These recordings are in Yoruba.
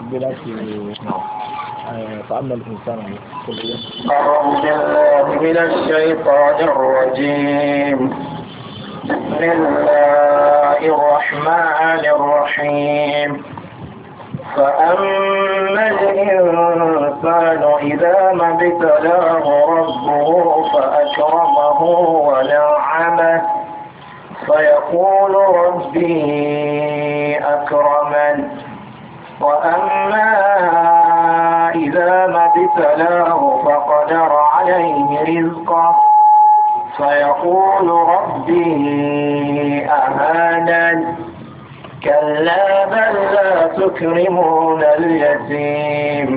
بلا آه، فأما الإنسان أعوذ بالله من الشيطان الرجيم بسم الله الرحمن الرحيم فأما الإنسان إذا ما ابتلاه ربه فأكرمه ونعمه فيقول ربي أكرم فابتلاه فقدر عليه رزقه فيقول ربي أمانا كلا بل لا تكرمون اليتيم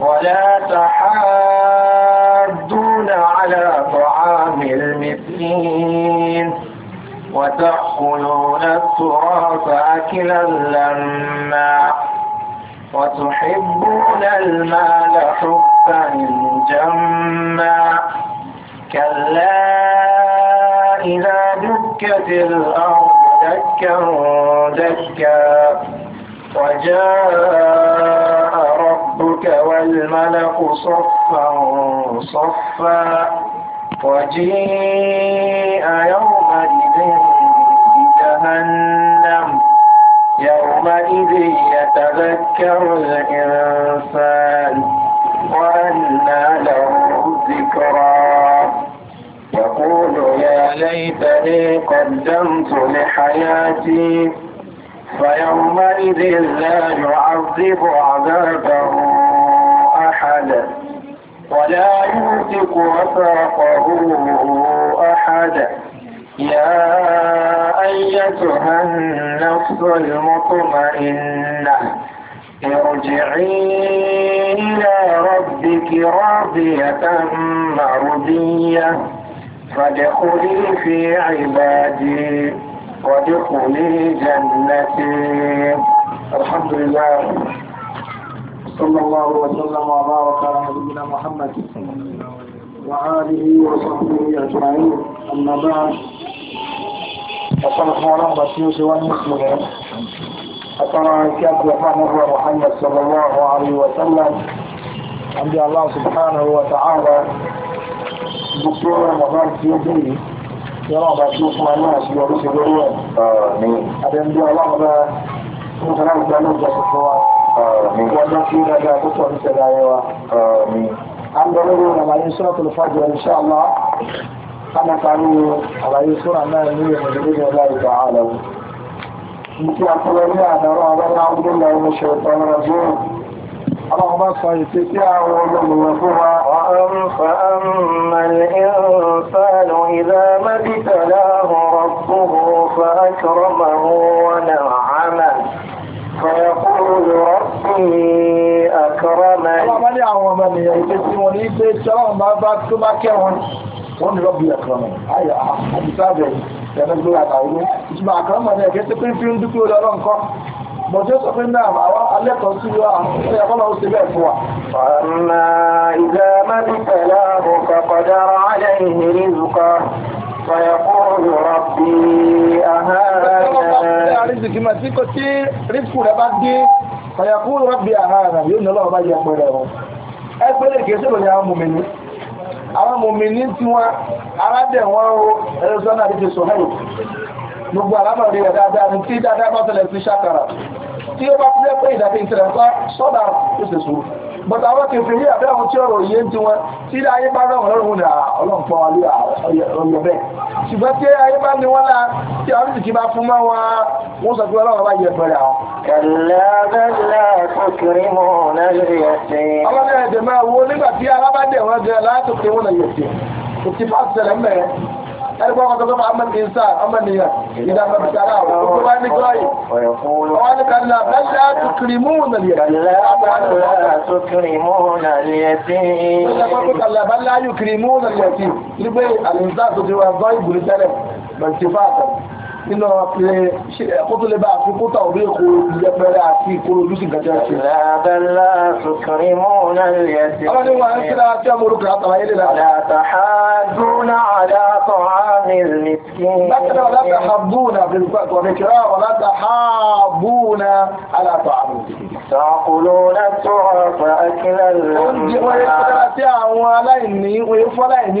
ولا تحاضون على طعام المسكين وتأكلون التراث أكلا لما وتحبون المال حبا جما كلا إذا دكت الأرض دكا دكا وجاء ربك والملك صفا صفا وجيء يومئذ جهنم يومئذ يتذكر الإنسان وأنى له ذكرا يقول يا ليتني قدمت لحياتي فيومئذ لا يعذب عذابه أحد ولا يوثق وثاقه أحد يا أيتها النفس المطمئنة ارجعي إلى ربك راضية مرضية فادخلي في عبادي وادخلي جنتي الحمد لله صلى الله وسلم وبارك على نبينا محمد وآله وصحبه أجمعين أما بعد فصلى الله عليه وسلم أترى كاتب محمد محمد صلى الله عليه وسلم عند الله سبحانه وتعالى دكتور مبارك يدي يرى بشوف مع الناس يروح يقولون آمين أبن الله ما مغرب بنوب الصفوات آمين ونفي لك كتب سلايوة آمين عند الله ما يسرة الفجر إن شاء الله أنا قالوا على يسرة الله يمين من الله تعالى ìtí àtọlọ́lé àdáwà abẹ́lá ọdúnlẹ̀ ọmọ ṣẹ̀tọ́n rajim اللهم صل تسعا ومنوفها فأما الإنسان إذا ما ابتلاه ربه فأكرمه ونعمه فيقول ربي أكرمن اللهم لي àwọn ọmọ ènìyàn ìpé tí wọ́n ní pé tí ọlọ́run bá bá tó bá kẹwọn wọ́n ni rọ́bì ẹ̀kọ́mẹ̀ ayà àbúsáàbẹ̀ ẹ̀mẹ́gbé àtàwọn ìgbà àkàràmọ̀ ní ẹ̀kẹ́ tí pín fi ń dúpẹ́ olóòrọ̀ bọ̀ tí ó sọ pé náà àwọn alẹ́kọ̀ọ́ sí wa ṣe ẹ̀kọ́ náà ó bẹ́ẹ̀ fún wa. ọ̀nà ìgbà mẹ́tẹ̀lá àbùkà kọjá alẹ́ ìhìrí ìrùkọ fayakúrò rọ̀bì àhárẹ̀ àwọn mòmìnì tí wọ́n aládẹ̀ wọn àti ti sọ̀hẹ́rù gbogbo alámọ̀rí rẹ̀ dáadáa ní tí dáadáa bá tẹ̀lẹ̀ sí ṣàkàrà tí ó bá fẹ́ pé ìdàkẹ́ ìtẹ̀lẹ̀ ńkọ́ sọ́dà ó sì sùn bọ̀tà fi rí àbẹ́ tí ọ̀rọ̀ yé ti wọn tí ayé bá rẹ̀ lọ́rùn ní ọlọ́pọ̀ alẹ́ ọ̀yọ̀ bẹ́ẹ̀ ṣùgbọ́n tí ayé bá ní wọ́n lá tí àwọn ìsìnkí bá fún mọ́ wọn wọ́n sọ pé ọlọ́wọ́ bá yẹ pẹ̀lẹ́ àwọn. kẹlẹ́ máa wo nígbà tí alábàdẹ̀ wọn jẹ látòkè wọn lẹ́yìn ẹ̀sìn ẹgbẹ́ ọkọ̀ tọ́gbọ́n Muhammad bin sáà ọmọ nìyàn ìdàmọ̀ bìtàrà ọkọ̀ wá ní gọ́ọ̀yì ọwọ́ ní kàlá bẹ́ṣẹ́ àtùkìrìmú nàlẹ́ àtùkìrìmú nàlẹ́ tí nínú ọ̀pẹ̀ kótólé bá fi kótà orí èkó ìyẹpẹrẹ àti ìkóró ojú sí gàjẹ́ ṣe. Lábẹ́lá sùkúrí mọ́nà lè ṣe. Ọlọ́ ni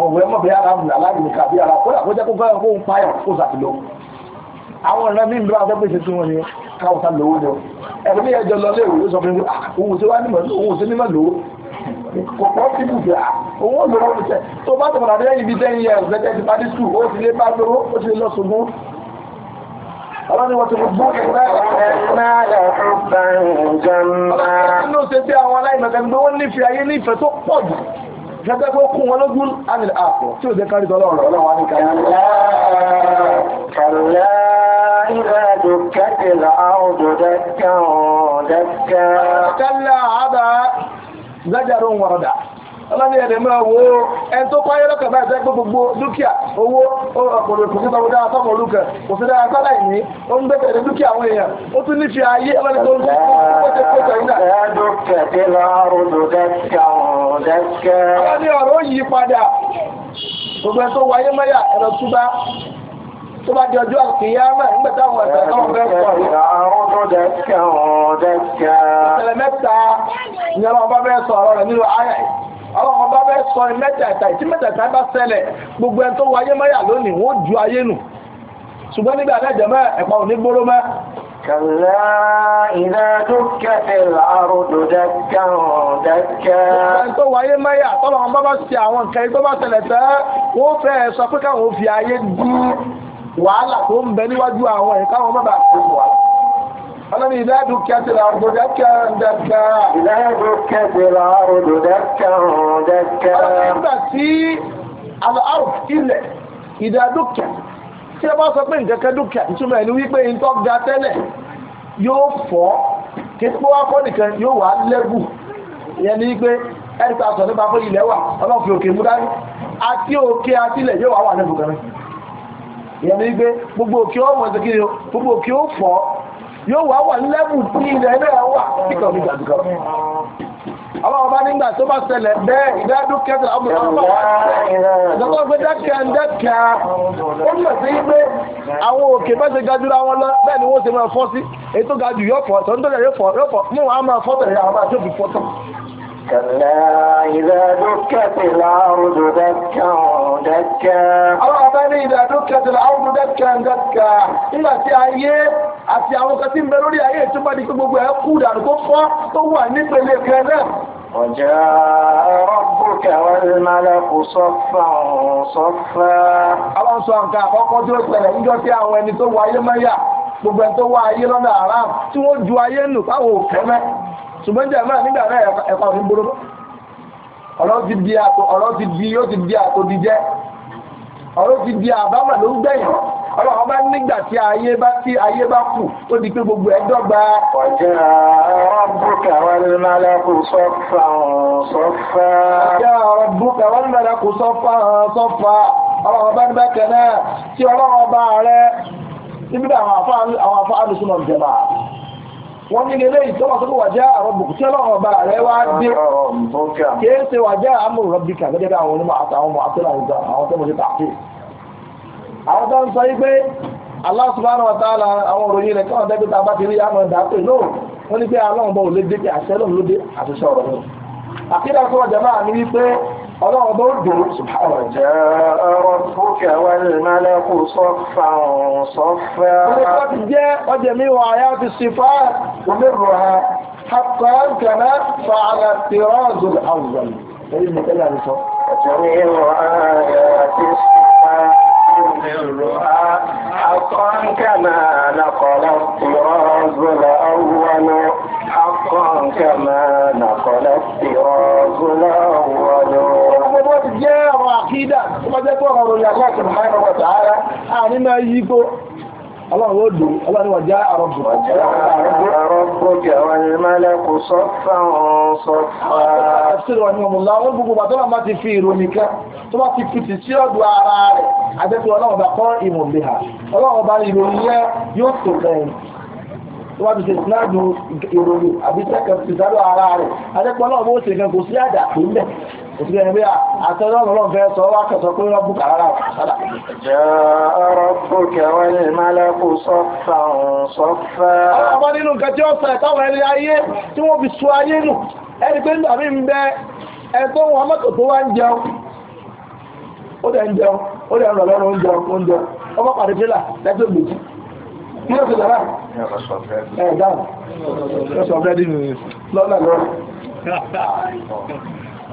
ọ̀wẹ́ mọ̀ bí ara mú aláàrí ní kàbí ara kó dàkó jẹ́ kó fẹ́ kó ń payọ̀ kó sàti lọ àwọn ìran ní ìlú afẹ́ pèsè tí wọ́n ní káwọ́sá lówó lọ ẹ̀rọ ní ẹjọ́ lọ lé ìwé sọ fún mi òun tí wá ní òun tí mímọ̀ lówó kọ̀pọ̀ tí bù bíà òun ò lówó ní sẹ́ tó bá tọ̀nà ní ẹ̀yìn bí ten years lẹ́jẹ́ ti bá ní sùn ó ti lé bá lówó ó ti lé lọ sùn mú ọlọ́ni wọ́n ti mú bú ẹ̀rọ ẹ̀rọ gẹ́gẹ́ bó kún wọn lógún ánìlẹ̀ àpọ̀ tí ó jẹ́ kárí tọ́lọ́rọ̀ ọlọ́run wá ní kàrí. kàlá ìlà dùkẹ́tì láàrùn dẹ́kẹ́ ọlọ́ni ẹ̀dẹ̀ máa wo ẹni tó páyé lọ́kàn bá ẹ̀sẹ̀ gbogbo dúkìá owó ọ̀pọ̀lọpọ̀ kò sí ọmọ dára sọ́mọ olùkà kò sí dára sálà ìní ó ń gbẹ́sẹ̀ ní dúkìá àwọn èèyàn ó tún nífi ayé ọlọ́ni tó ń pèsè pèsè ìdá. ọlọ́ni ọ̀rọ̀ yìí padà gbogbo ẹ̀ tó wáyé mẹ́yà ẹ̀rọ túbá tó bá di ọjọ́ àkìyámà nígbà táwọn ẹ̀sẹ̀ táwọn fẹ́ pọ̀ ìṣẹ̀lẹ̀ mẹ́ta ni ọlọ́run bá fẹ́ sọ ọ̀rọ̀ rẹ̀ nínú ayé àwọn ọmọ bá fẹ́ sọ ní mẹ́tẹ̀ẹ̀ta ìtí mẹ́tẹ̀ẹ̀ta bá ṣẹlẹ̀ gbogbo ẹni tó wọ ayé mọ́yà lónìí wọ́n ju ayé nù ṣùgbọ́n nígbà mẹ́jọ mẹ́ ẹ̀pọ̀ òní gbóró mẹ́. kàlá iná dúkẹ́ ìlàrú dòdẹ́kẹ́ dẹ́kẹ́. ẹni tó wọ ayé mọ́yà tọ́lọ́ wọn bá bá àwọn nǹkan tó bá ṣẹlẹ̀ tẹ́ wọ́n fẹ́ sọ pé káwọn fi ayé dú wàhálà tó ń bẹ níwájú àwọn ẹ̀ka wọn bá bá ṣe wàhálà ọlọ́ni ìdádù kẹtìlá ọ̀dọ̀ dẹ́kẹ́ dẹ́kẹ́. ìdádù kẹtìlá ọ̀dọ̀ dẹ́kẹ́ dẹ́kẹ́. ọlọ́ni nígbà tí aláwọ̀ ilẹ̀ ìdádù kẹ tí a bá sọ pé nǹkan kan dúkìá ìtumọ̀ ẹni wípé ìtọ́ ga tẹ́lẹ̀ yóò fọ́ kí pé wá kọ́ nìkan yóò wá lẹ́bù ìyẹn ni wípé ẹni tá a nípa pé ilẹ̀ wà ọlọ́fi òkè mú dání àti òkè àtìlẹ̀ yóò wá wà lẹ́bù kan ìyẹn ni wípé gbogbo òkè ọ̀wọ̀n ti kiri gbogbo òkè ó fọ́ yóò wá wà lẹ́bù tí ilẹ̀ náà wà kíkọ̀ ní ìdàdùkọ̀. Àwọn ọba nígbà tó bá ṣẹlẹ̀ bẹ́ẹ̀ ìdádú kẹta ọmọ ọmọ wa ṣẹlẹ̀ pé dákẹ́ dákẹ́ ó mọ̀ sí pé àwọn òkè bá ṣe ga jùlọ àwọn lọ bẹ́ẹ̀ ni wọ́n ṣe máa fọ́ sí èyí tó ga jù yóò fọ́ tọ́ nítorí yóò fọ́ mú wọn á máa fọ́ tẹ̀lé àwọn máa tó fi fọ́ tán. كلا إذا دكت الأرض دكا دكا ọlọ́run bá ní إذا دكت الأرض دكا دكا nígbà tí ayé àti àwọn kan tí ń bẹ lórí ayé ìtúmọ̀ ní gbogbo ẹ̀ kú dànù tó fọ́ tó wà nípele kan náà. وجاء ربك والملك صفا صفا. àwọn sọ nǹkan àkọ́kọ́ tí ó ṣẹlẹ̀ níjọ́ tí àwọn ẹni tó wáyé mẹ́yà gbogbo ẹni tó wá ayé lọ́nà àrà tí ṣùgbọ́n jẹ́ máa nígbà náà ẹ̀kọ́ òní gbóró ọ̀rọ̀ ti di àpò ọ̀rọ̀ ti di ó ti di àpò di jẹ́ ọ̀rọ̀ ti di àbámọ̀ ló ń gbẹ̀yìn ọ̀rọ̀ ọba nígbà tí ayé bá tí ayé bá kù ó di pé gbogbo ẹjọ́ gba. ọ̀jẹ́ ọ̀rọ̀ bùkà wà ní malakú sọ́fà wọ́n ní lélẹ́ ìtọ́wà tó wà já àrọ̀bùkù tí ọlọ́run ọba rẹ̀ wá dé kìí ṣe wà já àmúrù rọ̀bìkà gẹ́gẹ́ bí àwọn onímọ̀ àtàwọn ọmọ àtẹ́lẹ̀ àwùjọ àwọn tó mọ̀ sí tààkì Allah subhanahu wa ta'ala àwọn òròyìn rẹ̀ káwọn dẹ́gbẹ́ta bá ti rí àmọ́ ẹ̀dá pé náà wọ́n ní pé alọ́run bọ́ ò lé dé pé àṣẹ lóun ló جاء ربك والملك صفا صفا وقد جاء جميع آيات الصفات ومرها حتى كما فعل الطراز الأول فإن كلا نصف جميع آيات الصفات ومرها حقا كما نقل الطراز الأول حقا كما نقل الطراز الأول jẹ́ ọ̀rọ̀ àkídà tó bá jẹ́ pọ̀rọ̀ ròyìn aláàkùn máa wà tààrà àní máa yí kó ọlọ́run ó dò ọlọ́run wà já àrọ̀bù Ọlọ́run bá kọ́ ìmọ̀ bí ha, ọlọ́run bá ìròyìn yẹ́ yóò tó bẹ̀rẹ̀ tó wá ti ṣe ìsinádùn ìròyìn àbí tẹ́kẹ̀ẹ́ ti sáré ara rẹ̀ adẹ́pọ̀ náà bó ṣe gan kò sí àdà tó ń bẹ̀ òtún ẹni bí àtẹ́lẹ́ ọ̀rọ̀ fẹ́ sọ wá kẹsọ̀ pé wọ́n bú kàrárà sádà. ọ̀rọ̀ fòkè wọ́n ní málẹ́kù sọ́fà sọ́fà. ọmọ nínú nǹkan ẹni ayé tí wọ́n fi sọ ayé nù ẹni pé ń bẹ ẹ̀tọ́ wọn mọ́tò tó wá ń jẹun ó dẹ̀ ń jẹun ó dẹ̀ ń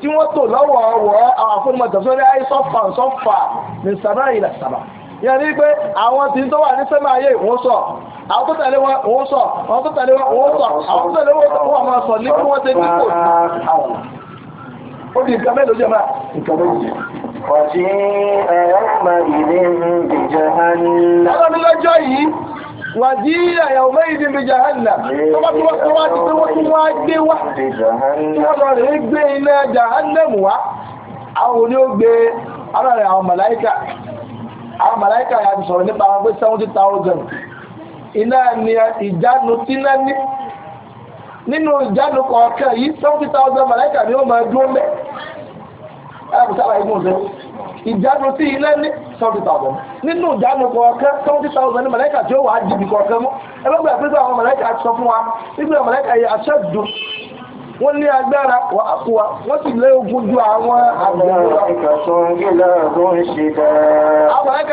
tí wọ́n tò lọ́wọ́ ọ̀wọ́ àwọn afúnimọ̀ tẹ̀sọ́rí ayé sọ́fà sọ́fà ní sàmà ìlà sàmà yẹn ni pé àwọn tí tó wà ní sẹ́mà ayé wọ́n sọ àwọn tó tẹ̀lé wọn wọ́n sọ àwọn tó tẹ̀lé wọn wọ́n sọ àwọn tó tẹ̀lé máa sọ ní kí wọ́n ṣe dípò. ó di nǹkan mélòó jẹ́ máa nǹkan méjì. wàjí ẹ̀rọ wàjíyà ya mẹ́rin níbi jahannam tó bá wá tó wá wọ́n tó wá gbé wá tó gbé iná jahannam wá àwọn oní ó gbé ara rẹ̀ àwọn màláíkà àwọn màláíkà yà ti sọ̀rọ̀ nípa àwọn pé iná ni ìjánu tí ní nínú ìjánu ìjánu sí ilé ní seventy thousand nínú ìjánu kọ̀ọ̀kan seventy thousand ní mọ̀lẹ́kà tí ó wà á jìbì kọ̀ọ̀kan mú ẹgbẹ́gbẹ́ pé àwọn mọ̀lẹ́kà sọ fún wa nígbà mọ̀lẹ́kà yìí aṣẹ́ dùn wọ́n ní agbára wà á kó wa wọ́n sì lé ogun ju àwọn àgbẹ̀wò lọ. àwọn mọ̀lẹ́kà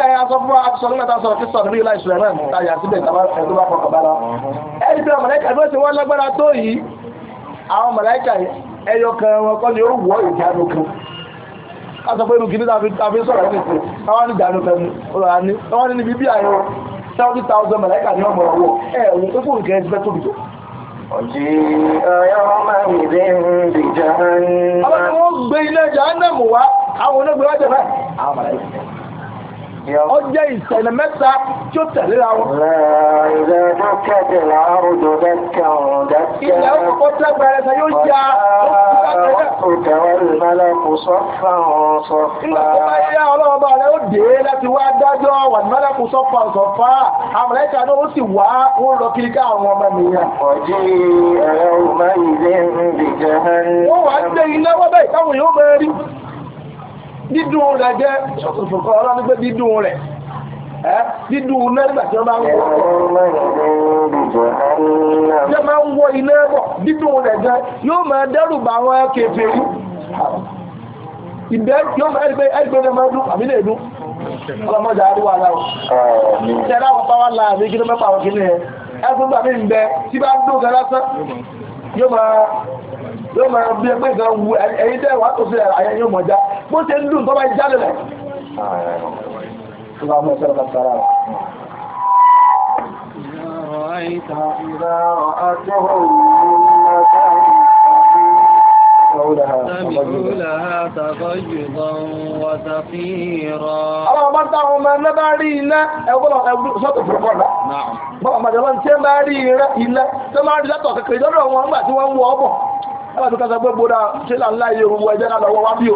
yìí aṣọ fún wa aṣọ nígbà tá a sọ̀rọ̀ kí sọ̀rọ̀ ní ilé ìṣúná náà táyà síbẹ̀ tá a bá fọkàn bá lọ. ẹ̀yìn tí wọ́n mọ̀lẹ́kà bí wọ́n ti wọ́n lágbára tó yìí àwọn mọ̀lẹ́kà yìí ẹyọ kan wọn kọ́ ni ó wọ ìjánu kan kásọ pé inú kìíní tàbí sọ̀rọ̀ ẹni sí káwá ní ìdáná ọ̀rọ̀ àní káwá níbi bí àyọ seventy thousand ní ọmọ ọwọ́ ẹ̀ tó fún nǹkan ẹgbẹ́ tó. ọ̀jì ọ̀yọ́mọ ìdí ń ó jẹ́ ìṣẹ̀lẹ̀ mẹ́ta tí ó tẹ̀lé ra wọn. ilẹ̀ dọ́kẹ́tì láàrùn tó dẹ́kẹ́ ọ̀rọ̀ dẹ́kẹ́. ilẹ̀ ó tẹ́ gbẹrẹ sẹ yóò ya ó tẹ́ wọ́n lè má lẹ́kù sọ́fà ọ̀rọ̀ sọ́fà. ilẹ̀ tó bá yá ọlọ́wọ́ bá rẹ̀ ó dé láti wá dájọ́ wà ní má lẹ́kù sọ́fà sọ́fà àmọ̀lẹ́ta náà ó sì wá ó lọ kiri ká àwọn ọmọ dídùn rẹ̀ jẹ́ ṣọ́tùfùkọ́ ọlọ́ni pé dídùn rẹ̀ dídùn lẹ́gbà tí wọ́n bá ń wọ́ jẹ́ máa ń wọ́ iná ẹ̀bọ̀ dídùn rẹ̀ jẹ́ yóò máa dẹ́rù bá wọn kẹfẹ́ yìí ìbẹ́ yóò máa ẹgbẹ́ ẹgbẹ́ máa dún àbí lè dún ọlọ́mọdé àríwá aláwọ̀ tẹ́lá wọn bá wà láàrin kí ló mẹ́fà wọn kí yóò máa bí ẹgbẹ́ kan wu ẹ̀yìn tẹ́wàá tó sí ẹ̀yẹ yóò mọ̀ já bó ṣe lù tó bá jáde lẹ̀ سمعوا لها تغيظا وزفيرا ọlọ́run bá táwọn ọmọ ẹ̀lẹ́ bá rí iná ẹgbọ́nà ẹgbọ́n sọ́tọ̀ fúrúkọ́lá bọ́n ọmọdé wọn tí ó bá rí iná tó máa rí látọ̀ kẹkẹrẹ lọ́rọ̀ wọn nígbà tí wọ́n ń wọ ọ́bọ̀ ẹgbà tó kásá gbogbo dáa ṣe láńlá iye owó ẹjẹ́ náà lọ́wọ́ wá bí o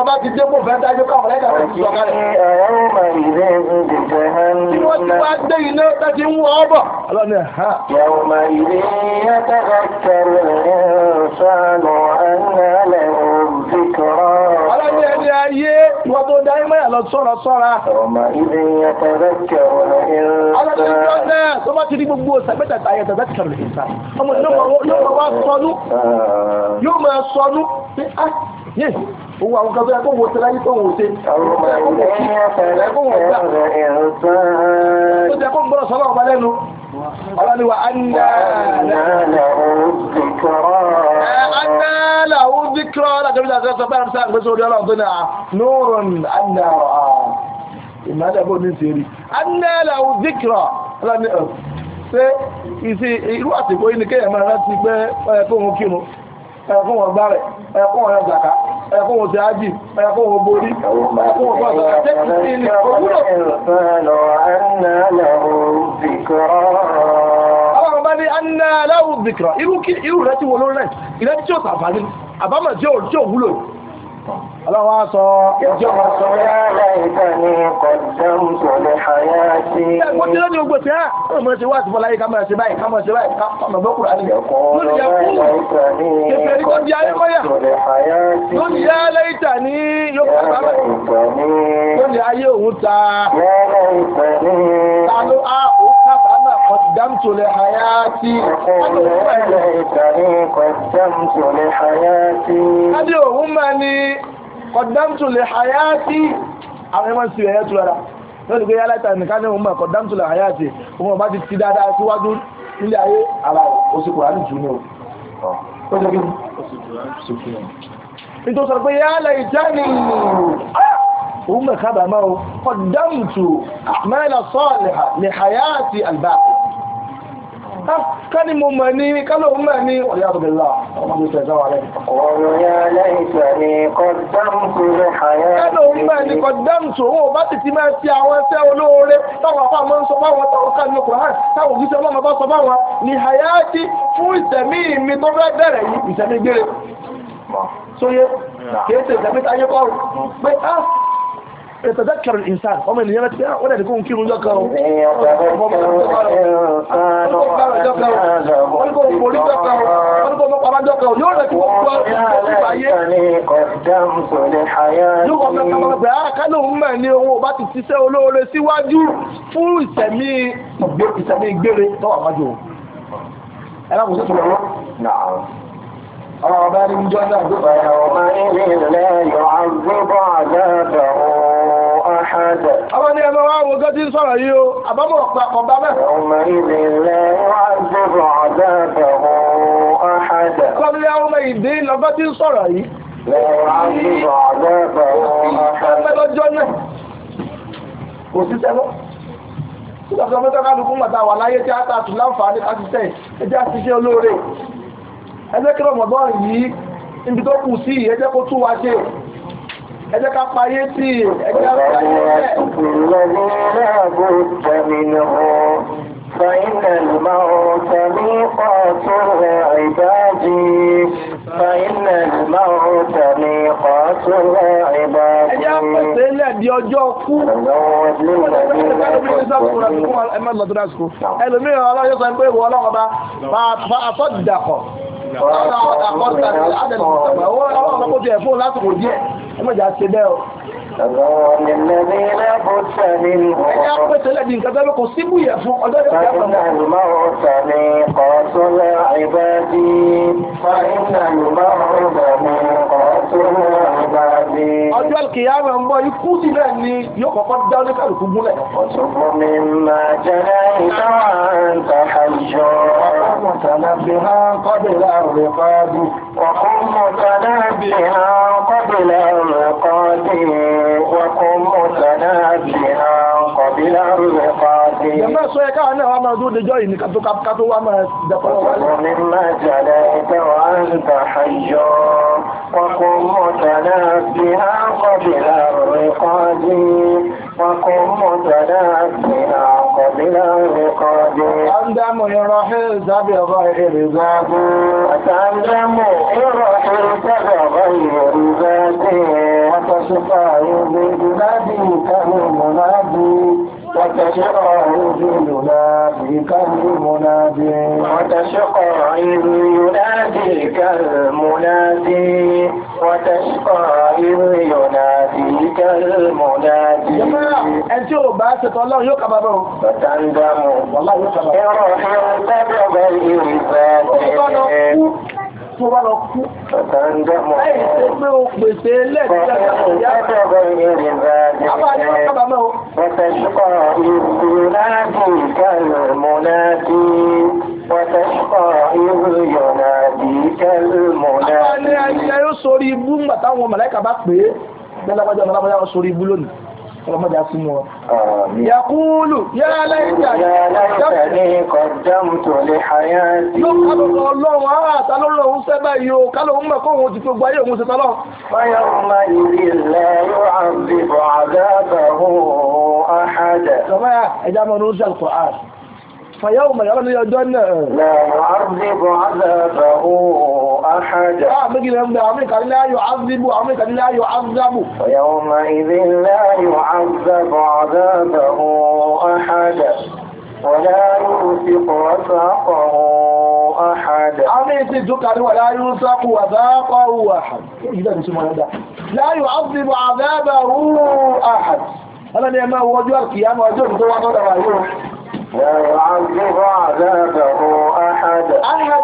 ọ̀nà bá ti dé kó fẹ́ dájú káwọn wọ́n tó dá imá yà lọ sọ́ra sọ́ra. Yàwùmá ìdí yàtọ̀rọ̀ kẹrù ìrìnsánù. Ọlọ́ni ẹni ọ̀nà tó bá ti rí gbogbo sàgbẹ́tàtà yàtọ̀rọ̀ kẹrù ìrìnsánù. Ọmọ yóò máa sọnú. Yóò owó àwọn kan tó yẹ kó wọ́n ṣe láyé tó wọ́n ṣe. àwọn ọmọ ẹ̀rọ kó wọ́n ṣe ni wà á ní àná làwọn zikirọ́ lágbàdo àti ọ̀sán bẹ́ẹ̀ sá gbèsè orí ọlọ́run tó ní à nùrùn àná ìmọ̀lẹ́bọ̀ ní ti rí. àná làwọn zikirọ́ ọlọ́run ní ọ̀ ṣé irú àsìkò yìí ni kéèyàn máa ẹ̀kún wọn gbárẹ̀ ẹ̀kún wọn ẹ̀zàká ẹ̀kún wọn ti ájì ẹ̀kún wọn borí ẹ̀kún wọn gbọ́dọ̀ ẹ̀kún wọn ti ilẹ̀ òwúrọ̀. ọlọ́run bá ní anna aláwọ̀ zikra irú rẹ̀ ti wọ́n lórí rẹ̀ ìrẹ́ tí ó sàfàní àbámọ̀ tí ó Ọlọ́wọ́ sọ ẹjọ́ ọ̀sọ̀ yára ìtàní kọ̀dùsẹ́rùn sọ̀lẹ̀ àyáṣí. Ẹgbọ́n tí ó ní ogbòsí ẹ́, ọmọ ti wá ti fọ́láyé ká máa ṣe báyìí, ká máa ṣe báyìí, ká máa gbọ́kùnrin àti ẹ̀kọ́. Lónìí ẹ̀kọ́ ìfẹ̀rí kan di ayé mọ́yà. Lónìí yá lẹ́yìntà ní yóò fún àbábẹ̀. Lónìí ayé òun ta. Lẹ́yìn ìfẹ̀rí. Ta ló á قدمت لحياتي قدمت لحياتي أدي أمني قدمت لحياتي àwọn ẹmọ́ sí ẹ̀yẹ́ túlára lọ́dí pé yálẹ́ta nìkan ní ọmọ kọ̀dámtù láàáyá àti ọmọ bá ti ti dáadáa síwájú nílé ayé ara òsìkò ránì jù ní ọ̀pọ̀ sọ pé yálẹ̀ ìjáni ọmọ kábàámọ́ kọ̀dámtù mẹ́lẹ̀ sọ́ọ̀lẹ̀ àti àlbáà ká ní mo mọ̀ ní kálọ̀ mọ̀ ní ọ̀rẹ́ àbúgbẹ̀lá ọmọdé fẹ̀sẹ̀ wà rẹ̀. ọ̀rọ̀ yà lẹ́yìn ní kọ̀dámtò rẹ̀ àyà. kálọ̀ mọ̀ ní kọ̀dámtò owó bá ti ti máa ti àwọn ẹsẹ̀ olóore táwọn afá máa ń sọ يتذكر الإنسان ومن اللي يمت فيها ولا يكون كيلو يذكر قدمت لحياتي yóò wọ́n mẹ́ta máa bẹ̀rẹ̀ kánú mẹ́ ní owó bá ti ṣiṣẹ́ olóore síwájú fún ìṣẹ̀mí ìṣẹ̀mí gbére tó wà wájú ẹ̀rọ kò sí tó lọ́wọ́ náà ọ̀rọ̀ ọ̀bá ní jọ́nà tó bẹ̀rẹ̀ ọ̀bá ní ilẹ̀ yọ̀ àgbébọ̀ àjẹ́ bẹ̀rẹ̀ حاجة أبني أنا وعاو قدين صلى يو أبا مرقب قبابة يومئذ لا يعذب عذابه أحد قبل يومئذ لما تنصر لا يعذب عذابه أحد أبدا الجنة وستبه Ìjọba mẹ́ta kálukú mọ̀ta wà láyé tí a tààtù láǹfààní àti tẹ́ ẹjá ti ṣe olóore. Ẹjẹ́ kí lọ mọ̀ bọ́ọ̀rì yìí, ibi tó kù sí ẹjẹ́ kó tún wá ṣe ẹjẹ́ ká payé sí ẹjẹ́ فإن الموت ميقات عبادي فإن الموت ميقات عبادي ẹjẹ́ àpẹẹsẹ̀ ilẹ̀ di ọjọ́ kú ẹlòmíràn ọlọ́yọ́ sọ pé ìwọ ọlọ́wọ́ bá àtọ́dàkọ̀ ọlọ́wọ́ àkọ́dàkọ̀ ẹmọ́jà ṣe bẹ́ ọ ẹjá pẹ́tẹ́lẹ̀ ọjọ́ Ọjọ́ ń bọ́ ikú sí bẹ́ẹ̀ ni yóò kọ̀kọ́ dá oníkàlùkù gúnlẹ̀. Ọ̀tọ̀kọ́ mi máa ń tàkà ìjọ ọ̀rọ̀ mọ̀tàlá bí hàn kọ́dẹ̀ láàrùn rẹ̀ fáájú. Ọ̀kọ́ إلى ميقاته وكن متنابها قبل ميقاته Ìjọba sọ ẹ̀ká àwọn ẹ̀wà máa dúró dẹjọ́ yìí ní kátó wá máa dẹ̀pọ̀ wọ́n. Wọ́n máa jàdá ìtẹ́ wà ń gbà من الرقاب أندم إن رحلت بغير ذاك أتندم إن رحلت بغير ذاك وتشقى ببلادي كالمنادي وتشقى ببلادي كالمنادي وتشقى ينادي كالمنادي وتشقى إذ يناديك المنادي أنت بس الله يكبر فتندم ارحمت بغير فاتح tó bá lọ kú sórí ibú ńgbà táwọn mọ̀lẹ́kà bá pè é lẹ́lẹ́gbàjá ọmọlábàjá wọn sórí ibú lónìí ọlọ́mọdé sí wọn. Yàkúlù yára lẹ́yìnjà ní kọjámù tó lè hayá sí. Yóò ká lọ́rọ̀ ọlọ́run ara ah, àta lọ́rọ̀ òun sẹ́bẹ̀ yìí o, ká lóun mẹ́kọ́ òun ti tó gba ayé فيوم يرون الجنة لا يعذب عذابه أحد لا يعذب عمك لا يعذب ويومئذ لا يعذب عذابه أحد ولا يوثق وثاقه أحد عميت الذكر ولا يوثق وثاقه أحد لا يعذب عذابه أحد أنا ما هو وجه القيامة وجه القيامة لا يعذب عذابه أحد أحد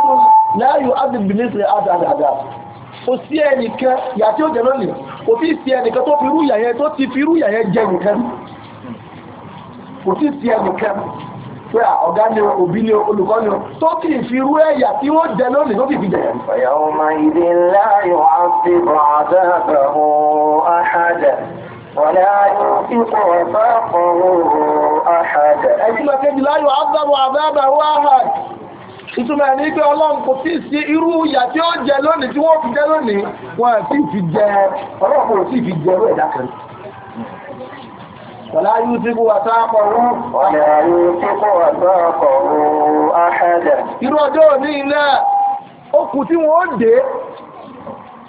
لا يعذب بمثل هذا العذاب kò sí ẹnìkan yà tí ó jẹ lónìí kò sí sí ẹnìkan tó fi rúyà yẹn tó ti fi rúyà yẹn jẹ nìkan kò sí sí ẹnìkan pé ọ̀gá ni òbí ni olùkọ́ ni tó kì í fi rú ẹ̀yà tí wọ́n jẹ lónìí tó kì í fi jẹ. ọ̀yà ọmọ ìdí yóò á fi bọ̀ àdáàbà ọ̀hún áhádà. ولا يوثق وثاقه أحد أجل لا يعذب عذابه أحد ìtumọ̀ ní pé ọlọ́run kò tí sí irú ìyà tí ó jẹ lónìí tí wọ́n fi jẹ lónìí wọ́n sì fi jẹ ọlọ́run kò sì fi jẹ ẹrú ẹ̀dá kan wọ́n tí kò wà sáàpọ̀ wọ́n wọ́n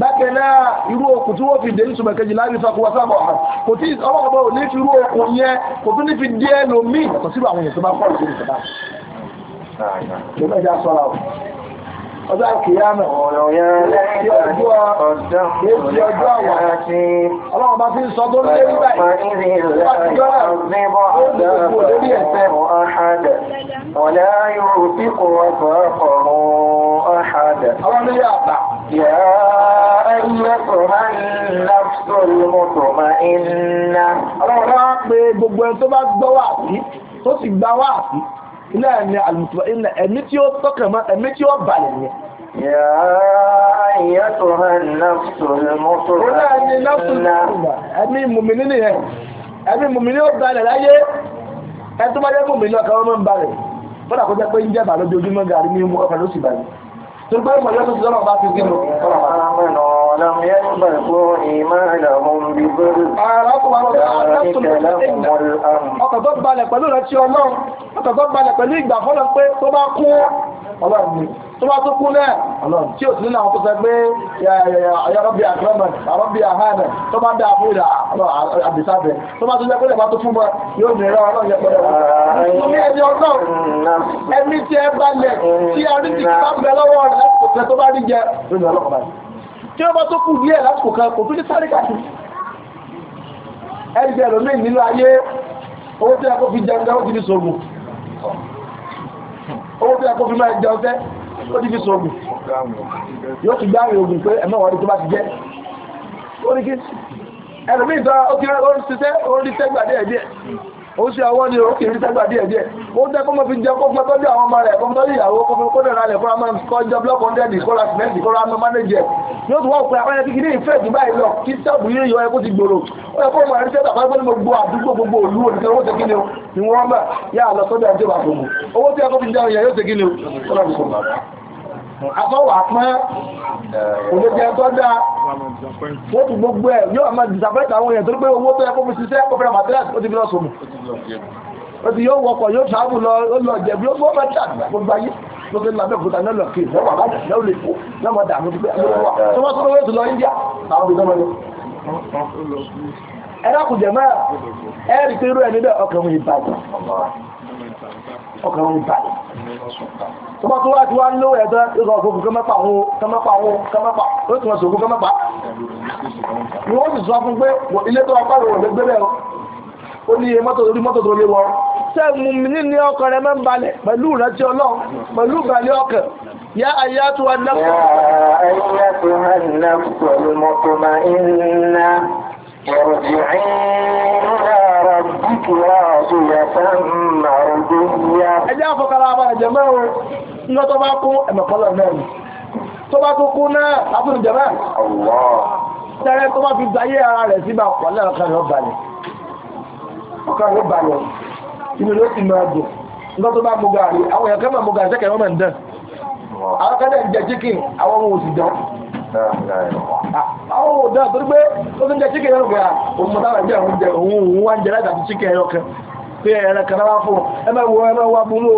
bákan náà irú okùn tí wọ́n fi dé nítorí kejì láàrin sọ kọwọ́ ọ̀hán kò tí ọwọ́ ò ní fi irú okùn yẹn kò tún ní fi dé ẹlòmíì yàtọ̀ sí àwọn èèyàn tó bá pọ̀ lórí ìjọba ọjọ́ àkìyàmẹ̀ ọlọ́run bá fi ń sọ tó lé nígbà yìí ولا يوثق وثاقه أحد يا أيتها النفس المطمئنة ọlọ́run pé gbogbo ẹni tó bá gbọ́ wà sí tó sì ilé ẹni àlùmùtùmọ̀ ilẹ̀ ẹ̀mí tí ó tọ́kàn mọ́ ẹ̀mí tí ó balẹ̀ yẹn يا أيتها النفس المطمئنة ẹ̀mí mùmìnì nìyẹn ẹ̀mí mùmìnì ó balẹ̀ láyé ẹ̀ tó bá jẹ́ mùmìnì ọkàn wọn máa ń balẹ̀ bọ́dà kọjá pé ń jẹ́bà lójoojúmọ́ gàrí ní ọmọ ọ̀fẹ́ ló sì bàjẹ́ tó gbé ìmọ̀ lọ́sọ̀ tọ́lọ̀ bá ti gínú ọ̀rọ̀ bá ọkọ̀ tó balẹ̀ pẹ̀lú ìgbà fọ́lọ̀ pé tó bá kún ọlọ́run ni tó bá tó kú náà ọlọ́run tí ò sí nínú àwọn tó sọ pé ayọ́rọ́bí àkọ́mọ̀ àrọ́bí àhánà tó bá dáa fún ìdá àbísábẹ̀ tó bá tó jẹ́ pé lè bá tó fún bọ́ yóò ní ìrọ̀ ọlọ́run yẹpọ̀ lẹ́wọ̀n ẹ̀mí tí ẹ bá lẹ̀ tí àrídìí bá bẹ lọ́wọ́ rẹ̀ lásìkò kan tó bá rí jẹ lónìí ọlọ́kọ̀ báyìí tí ó bá tó kú díẹ̀ lásìkò owó tó ẹkọ́ fi máa jẹ ọ̀fẹ́ ó ti fi sọ ogun yóò ti gbá àwọn ogun pé ẹ̀mọ́ wọ́n tó bá ti jẹ́ ó ní kí ẹlòmí ìtọ́ ó kí ó ń ṣiṣẹ́ ó ń rí tẹ́gbà díẹ̀ díẹ̀ ó ṣe ọwọ́ ni ó kì í rí tẹ́gbà díẹ̀ díẹ̀ ó ń tẹ́kọ́ mọ́ fi jẹ kókó tọ́jú àwọn ọmọ rẹ̀ kókó tọ́jú ìyàwó kókó kó dẹ̀ra rẹ̀ kóra máa ń kọ́ jọ block hundred kóra cement kóra máa manage ẹ̀ yóò tún wọ́n pẹ́ àwọn ẹni kíkiri ìfẹ́ ìdúbà ìlọ kí sẹ́ọ̀bù yìí yọ ẹ kó ti gbòòrò ẹ̀kọ́ ọmọ ẹ̀rí sẹ́ta fáwọn gbogbo àdúgbò gbogbo òlú òdìkẹ́ owó tẹ́kí ni ó ni wọ́n mẹ́ yà lọ sọ́dọ̀ ẹjọ́ àgbòmù owó tí ẹkọ́ fi jẹun yẹ yóò tẹ́kí ni ó afọ́wà pẹ́ òdòdó ẹ̀tọ́ dá ó ti gbogbo ẹ̀ yóò àmà dìsàpẹ́tà àwọn èèyàn tó pé owó tó ẹkọ́ fi ṣiṣẹ́ kọfẹ́rẹ́ màtíríàsì ó ti fi lọ sọmù ó ti yóò wọkọ̀ yóò sáàbù lọ lọ jẹ̀bi ó gbọ́ mẹ́ta ẹ̀dàkùnjẹ̀ máa ẹ̀rì tí irú ẹni bẹ́ ọkàrùn ìbàdàn ọkàrùn ìbàdàn tó bá tó wá tí wá ń lówó ẹ̀dọ́ ìgbà òkùnkùn kẹ́mẹ́pà ohun kẹ́mẹ́pà ohun kẹ́mẹ́pà ó tún ọ̀sọ̀ òkùn kẹ́mẹ́pà ni wọ́n sì sọ fún pé ilé tó apá rẹ̀ wọ̀n gbẹ́gbẹ́ ó ní iye mọ́tò orí tó lé wọ́n mi ní ọkàn rẹ̀ mẹ́ ń balẹ̀ pẹ̀lú ìrántí ọlọ́run pẹ̀lú ìbàlẹ̀ ọkàn يا أياتها النفس يا أياتها النفس المطمئنة ارجعي إلى ربك راضية مرضية ẹjẹ́ àfọkàrà àbára jẹmọ́ iná tó bá kún ẹ̀mọ̀kọ́lọ̀ náà ni tó bá kún kún náà látún jẹmọ́ tẹ́rẹ tó bá fi gbáyé ara rẹ̀ sí bá pọ̀lẹ́ ọkàn ló balẹ̀ ọkàn ló balẹ̀ inú ló sì máa dùn iná tó bá mú gàrí àwọn èèyàn kẹ́mà mú gàrí sẹ́kẹ̀ẹ́ wọ́n mẹ́ ń dán àwọn kẹ́lẹ̀ ń jẹ chicken àwọn ohun òsì dán àwọn ohun òdán torí pé ó ti ń jẹ chicken lọ́rùn gbà òun mọ̀ táwọn ẹgbẹ́ òun jẹ òun òun wá ń jẹ láti àti chicken ẹyọ kan pé ẹ̀rẹ̀ kan náà fún ẹmẹ́ wo ẹmẹ́ wá búrú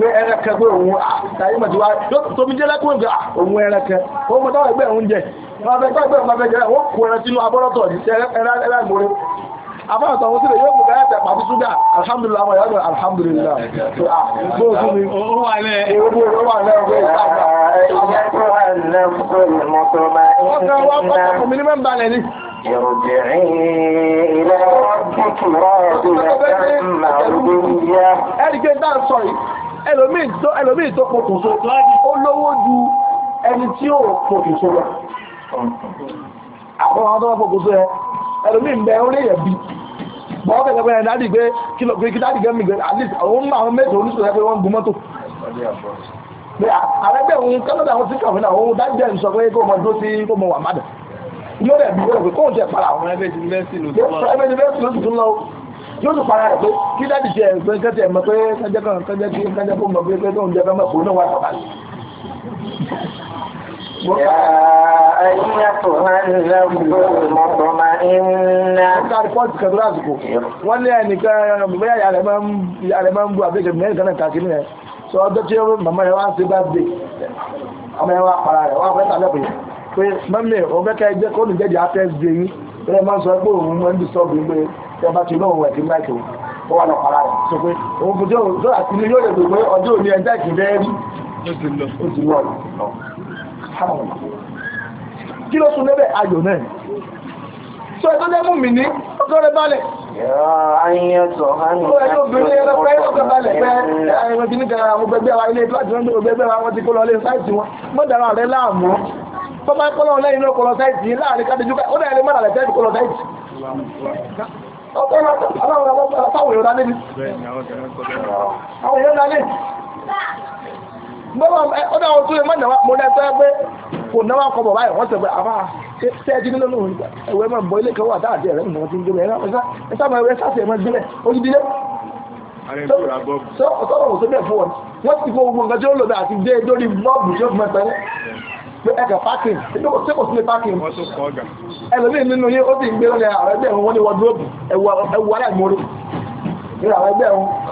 pé ẹ̀rẹ̀ kan pé òun àtàrí ah, mọ̀ tí wá tó jẹ́ ah, òun ẹ̀rẹ̀ kan ó mọ̀ òun jẹ afáàtọ̀ ohun sílẹ̀ yóò bùkẹ́ ẹ̀tẹ̀ pàtí ṣúgà alhamdulillah ọmọ ìyàgbẹ̀ alhamdulillah tó à gbóò fún mi owó wà lẹ́ẹ̀ owó wà lẹ́ẹ̀ owó ìsáàbà ìyàtọ̀ àlẹ́fọ́ ìmọ̀tọ̀ máa ń ṣe ní ارجعي إلى ربك راضية مرضية ẹ̀rìkẹ́ dáa sọ yìí ẹlòmíì tó kòkòrò sọ ó lówó ju ẹni tí ó kòkòrò sọ lọ àwọn ọmọdé wọn kòkòrò sọ ẹ ẹlòmíì ń bẹ ń rí ẹ̀bí bọ́ ọ́ kẹ̀kẹ́ pẹ̀lú dádì pé kí dádì gẹ́mì gbé at least òun mú àwọn méjì oníṣòwò ẹgbẹ́ wọn gun mọ́tò pé àrẹ́gbẹ́ òun kẹ́lọ́dà àwọn tíkà òun náà òun dádì jẹ́ ìṣọ́ pé kó mọ dúró sí kó mọ wà mádà yóò rẹ̀ bí wọ́n pé kóun jẹ́ para àwọn ẹgbẹ́ yunifásitì ló kí dádì jẹ́ ìṣọ́ kẹ́tì ẹ̀mọ́ pé kẹ́jẹ́ kan kẹ́jẹ́ kí kẹ́jẹ́ kó mọ wà sọ̀kalẹ̀. أيتها النفس المطمئنة káàkiri kẹtùrọ àsìkò wọ́n lé ẹnìkan bóyá àrẹ̀mọ́ ń bú àbẹ́kẹ̀ mẹ́rin kan náà kàkiri rẹ̀ sọ ọjọ́ tí ó màmá rẹ̀ wá sí bá dé ọmọ ẹwà para rẹ̀ wá fẹ́ tàbí ẹ̀pẹ̀ pé mẹ́mí òun fẹ́ kẹ́ jẹ́ kó ní jẹ́jẹ́ afẹ́s dé yín bẹ́ẹ̀ máa sọ pé òun ń sọ bí pé ẹ bá ti lóhun ẹ̀kí máìkì ó wà lọ para rẹ̀ sọ pé òun kò jẹ́ òun tó àti ní yóò lè pè pé ọjọ́ òní ẹjẹ́ ìkìlẹ̀ rí ó ti lọ kí ló sún lẹ́bẹ̀ ayọ̀ náà sọ ẹ̀tọ́ mú mi ní ọjọ́ rẹ balẹ̀ Tọ́bá ìpọ́lọ̀ lẹ́yìn náà kọlọ sáìtì láàrin kábíjú ká, ó dẹ̀ ẹni mọ́ràn lẹ́tẹ́ ìkọlọ sáìtì. Ọ̀pọ̀ ọlọ́run ọlọ́pàá táwọn èrò dá níbi. Àwọn èrò dá níbi ọdọ àwọn tó yẹ mọ náà mo náà tọ́yẹ pé kò náà kọ bọ̀ báyìí wọ́n sọ pé àbá sẹ́ẹ̀tì nínú òun ẹ̀wẹ́ máa bọ̀ ilé kan wà dáàdì rẹ̀ nínú ọtí ń gbé bẹ́ẹ̀ ẹ sábà ẹ̀wẹ́ sáfì ẹ̀ máa gbé bẹ́ẹ̀ ó ti di dé. sọ́wọ́ kò sóbẹ̀ fún wọn wọ́n ti fọ gbogbo nǹkan tí ó lò bẹ́ẹ̀ àti dé lórí bọ́ọ̀bù tí ó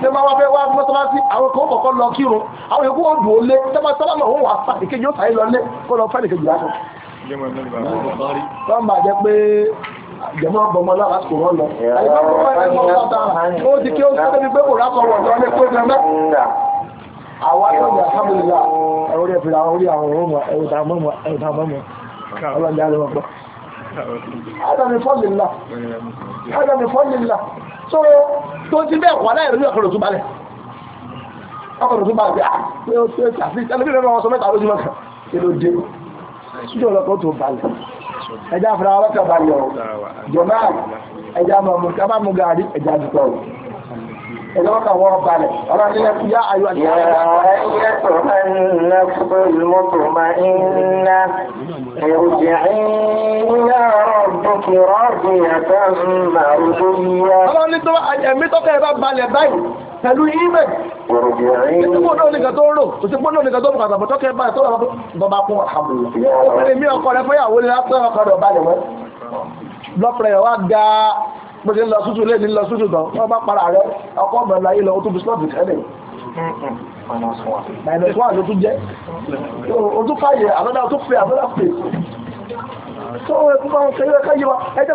tí wọ́n wá fẹ́ wá mọ́sálásí àwọn kan kọ̀ọ̀kan lọ kírun àwọn yòókù ó dùn ó lé tẹ́gbà sábà lọ òun wà fà ìkejì ó sàyè lọ lé kó lọ fẹ́ ìkejì lásán. wọ́n bá jẹ́ pé jẹmọ́ bọmọ lára kò rán lọ ó ti kí ó sáré ní pé so tó ti bẹ́ẹ̀ wà láì rí ọkọ̀rọ̀ tó balẹ̀ ọkọ̀rọ̀ tó balẹ̀ à ah, pé ó ṣe àfi ẹlẹ́bí rẹ̀ wọ́n sọ mẹ́ta lójú mọ́kàn kí ló dé ṣíjọ́ ọlọ́kọ̀ tó balẹ̀ ẹja fúnra wọn lọ́kọ̀ balẹ̀ ọ̀ jọba ẹja mọ̀ mú ká bá mú gàrí ẹja dùkọ̀ ẹ̀lọ́kà wọ́n balẹ̀ ọ̀rọ̀ nílẹ̀ kú yá ayọ̀ àti ọ̀rọ̀ ní tó ẹ̀mí tọ́kẹ́ ẹ̀bá balẹ̀ báyìí pẹ̀lú ìmẹ̀ ìtìpónà nìkan tó rò ìtìpónà nìkan tó bùkàtà bọ̀tọ́kẹ́ báyìí tó bàbá kún àbùlù obìnrin mi ọkọ̀ rẹ̀ fẹ́yàwó ní látọ́ ọkọ̀ rẹ̀ pèsè ń lọ sútù lé ní lọ tán wọ́n bá para rẹ ọkọ̀ ọ̀bẹ̀ láyé lọ tó bisikọ́ọ̀tì kẹ́lẹ̀ minus one ló tún jẹ́ o tún fàyè àbẹ́dá o tún fẹ́ àbẹ́dá fẹ́ tó ẹ̀kú máa ń kẹ́yọ́ ẹ̀ká yíwa ẹjẹ́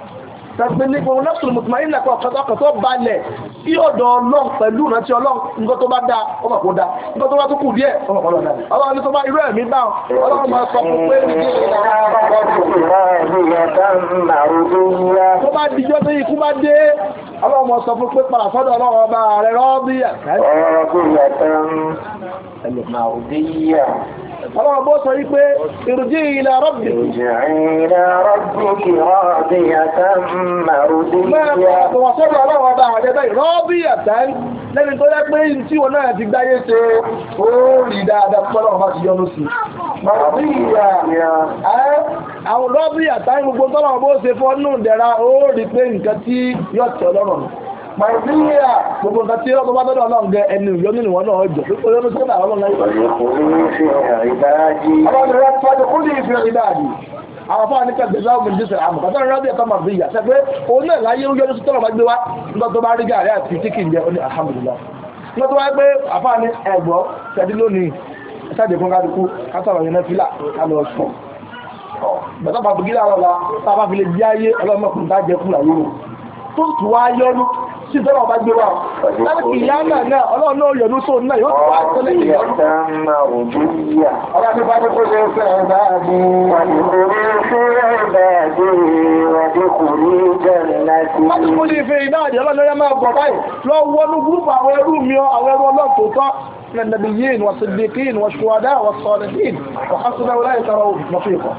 tàbí ní gbogbo nafsul mutmainna kan ọkàn tó balẹ̀ sí ọ̀dọ̀ ọlọ́run pẹ̀lú ìrántí ọlọ́run nǹkan tó bá da ọmọ kò da nǹkan tó bá tó kù díẹ̀ ọmọ kò lọ́dà ọlọ́run ní tó bá irú ẹ̀mí bá ọlọ́run máa sọ fún pé ní tó bá dijọ́ tó yìí kú bá dé ọlọ́run máa sọ fún pé padà sọ́dọ̀ ọlọ́run ọba rẹ̀ rọ́ọ́bì ọlọ́run bó sọ wípé ìrùjí ilẹ̀ rọ́bì lẹ́ni tó yẹ pé tí wọn náà ti gbáyé ṣe ó rí dáadáa pọ́lọ̀ ọba ti yọ́nú sí àwọn lọ́bí àtàrí gbogbo tọ́lọ̀ ọba ó ṣe fọ́nù dẹ̀ra ó rí pé nǹkan tí yọ́ tẹ̀ ọlọ́rọ̀ mọ̀síyà gbogbo nǹkan tí ó bá dọ́dọ̀ ọlọ́run gẹ ẹni ìyọ́nú ìwọ̀n náà jọ pípọ̀ yọ́nú sọ́dà ọlọ́run láyé àwọn fún àníkà gbèsè rẹ̀ rọ́bì ẹ̀kọ́ màbí ìyà sẹ́gbẹ́ òun ní ẹ̀gbọ́ sẹ́dí lónìí lọ́la tá jẹ́ ayé ọlọ́mọkùnrin tá a jẹ fún àyè tó tù wá yọ́nú sí tọ́lọ̀ bá gbé wà láti ìyáàmà náà ọlọ́run náà yọ̀nú tó náà yóò tó wá tẹ́lẹ̀ ìyọ́ من النبيين والصديقين والشهداء والصالحين وحسن أولئك رؤوف رفيقا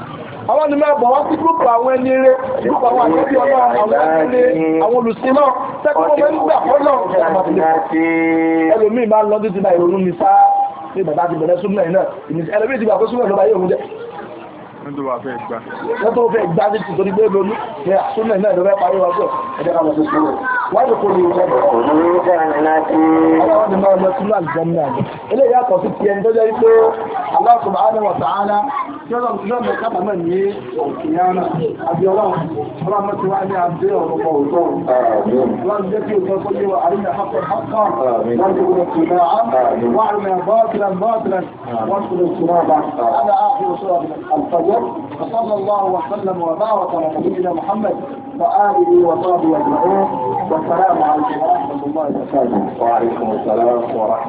àwọn ni máa bọ̀ wá sí gúrùpù àwọn ẹni eré gúrùpù àwọn àjẹ́bí ọmọ àwọn ẹni àwọn olùsìn náà tẹ́kọ̀ọ́ mọ́ ń gbà fọ́lọ́ ẹlòmíì máa ń lọ títí náà ìrònú mi sáá ní bàbá ti bẹ̀rẹ̀ súnmọ̀ iná ẹlòmíì ti gbà fún súnmọ̀ lọ́ba yóò mú jẹ́ wọ́n tó fẹ́ gbá sí ti torí pé lónú ní àsúnmọ̀ iná ìlú rẹ̀ parí wá sọ ẹ̀jẹ̀ ká lọ sí súnmọ̀ wọ́n ti kó ní ìjọba ọ̀rọ̀ ni máa lọ sínú àlùjọ náà eléyìí àkọsí ti ẹni tó jẹ́ pé Allah subhanahu wa ta'ala tí ọlọ́run tí lọ́mọ kábàámọ̀ ní ọ̀kìyàmà àbí ọlọ́run ọlọ́run tí wá ní àbí ọ̀rọ̀ ọ̀tọ́ ọlọ́run jẹ́ kí òtọ́ kọ́lé wa àríyàn hapọ̀ hapọ̀ wọ́n ti وصلى الله وسلم وبارك على نبينا محمد وآله وصحبه أجمعين والسلام عليكم ورحمة الله وبركاته وعليكم السلام ورحمة الله